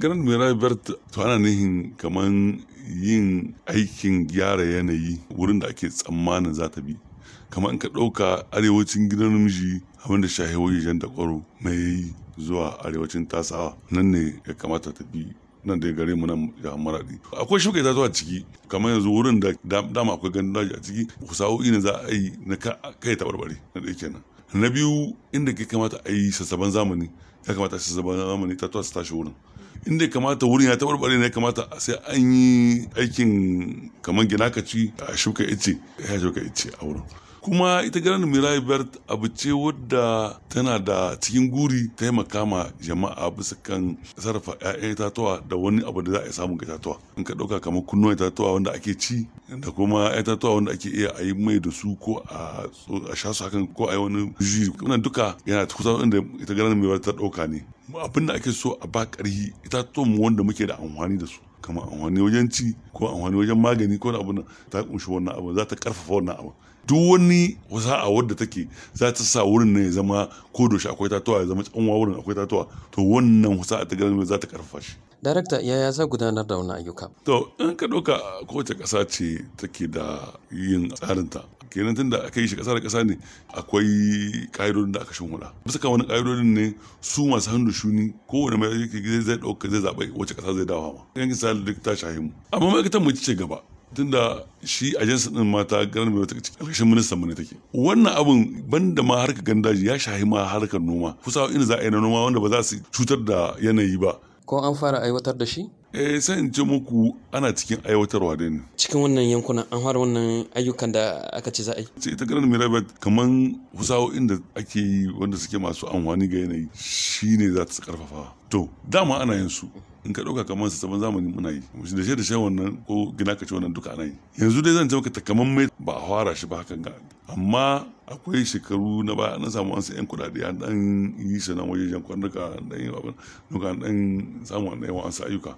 Grand Mirai Bert ana nihin kamar yin aikin gyara yanayi wurin da ake tsammanin za ta bi. Kamar in ka ɗauka arewacin gidan namiji abinda shahe jan da kwaro mai zuwa arewacin tasawa nan ne ya kamata ta bi nan da gare mu nan da maradi akwai shuka zuwa ciki kamar yanzu wurin da dama akwai gani daji a ciki sa'o'i ne za a yi na kai ta barbare na da kenan na biyu inda ke kamata a yi sassaban zamani ya kamata sassaban zamani ta tuwa su tashi wurin inda ya kamata wurin ya tabarbare ne ya kamata sai an yi aikin kamar gina ka ci a shuka ice ya shuka ice a wurin kuma ita ganin mirai bert abu ce wadda tana da cikin guri taimaka ma jama'a bisa kan sarrafa 'ya'yan itatuwa da wani abu da za a samu ga itatuwa in ka ɗauka kamar kunnuwan itatuwa wanda ake ci da kuma itatuwa wanda ake iya a yi mai da su ko a sha su hakan ko a yi wani jiri kuma duka yana kusa inda ita ganin mirai ta ɗauka ne abin da ake so a ba ƙarhi itatuwan wanda muke da amfani da su kamar amfani wajen ci ko amfani wajen magani ko abu nan ta kunshi wannan abu za ta karfafa wannan abu duk wani wasa'a wadda take za ta sa wurin ne ya zama ko doshi akwai tatuwa ya zama tsanwa wurin akwai tatuwa to wannan wasa'a ta garin za ta karfafa shi darakta yaya za gudanar da wannan ayyuka to in ka doka kowace ƙasa ce take da yin tsarinta kenan tunda aka yi shi ƙasa da ƙasa ne akwai ka'idodin da aka shimfiɗa bisa kan wani ka'idodin ne su masu hannu shuni kowane mai yake zai ɗauka zai zaɓi wace ƙasa zai dawa ma yankin sa duk ta shahimu amma ma'aikatar mu ci gaba tunda shi ajansa din mata garin mai take ƙarshen ministan mu ne take wannan abin banda ma harkar gandaji ya shahi ma harkar noma kusa inda za a yi na noma wanda ba za su cutar da yanayi ba ko an fara aiwatar da shi eh sai in ce muku ana cikin aiwatarwa da ne cikin wannan yankunan an fara wannan ayyukan da aka ce za a yi sai ita garin mirabet kaman husawo'in da ake yi wanda suke masu amfani ga yanayi shine za ta karfafa to dama ana yin su in ka ɗauka kamar sabon zamani muna yi da shi da shi wannan ko gina ka ci wannan duka ana yanzu dai zan ce maka mai ba a fara shi ba hakan ga amma akwai shekaru na baya na samu an yan kudade an dan yi shi nan wajejen kwanuka dan yi abin dan samu an yawan ayyuka